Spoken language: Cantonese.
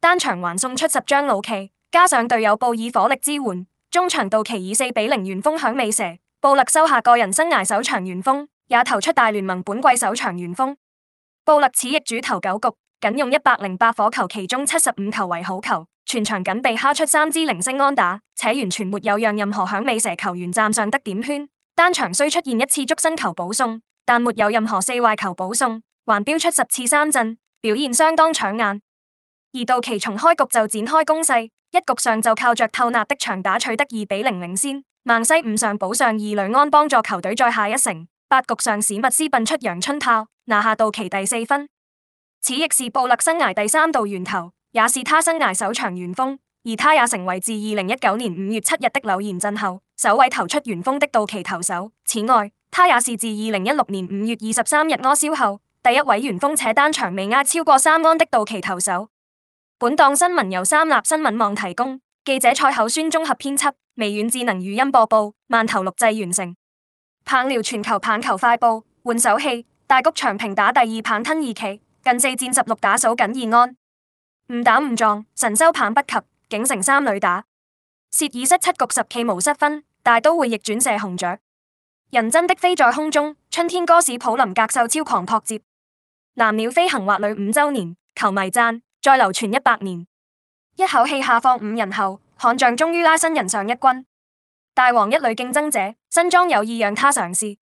單場還送出十張老 K，加上隊友報以火力支援，終場道奇以四比零完封響尾蛇。布勒收下個人生涯首場完封，也投出大聯盟本季首場完封。布勒此役主投九局，僅用一百零八顆球，其中七十五球為好球，全場僅被敲出三支零星安打，且完全沒有讓任何響尾蛇球員站上得點圈。單場雖出現一次觸身球保送，但沒有任何四壞球保送，還飆出十次三振，表現相當搶眼。而道奇從開局就展開攻勢，一局上就靠着透納的長打取得二比零領先。曼西五上補上二壘安幫助球隊再下一城。八局上史密斯噴出陽春炮，拿下道奇第四分，此役是布勒生涯第三度源頭，也是他生涯首場完封。而他也成為自二零一九年五月七日的柳賢鎮後首位投出完封的道奇投手。此外，他也是自二零一六年五月二十三日柯蕭後第一位完封且單場未壓超過三安的道奇投手。本檔新聞由三立新聞網提供，記者蔡口宣綜合編輯，微軟智能語音播報，慢頭錄製完成。棒球，全球棒球快報，換手氣，大谷翔平打第二棒吞二期，近四戰十六打數僅二安，誤打誤撞，神舟棒不及，竟成三壘打。塞爾斯七局十球無失分，大都會逆轉射紅雀，人真的飛在空中。春天哥史普林格秀超狂撲接，藍鳥飛行劃旅五週年，球迷讚。再流傳一百年，一口氣下放五人後，悍將終於拉新人上一軍。大王一女競爭者，新裝有意讓她嘗試。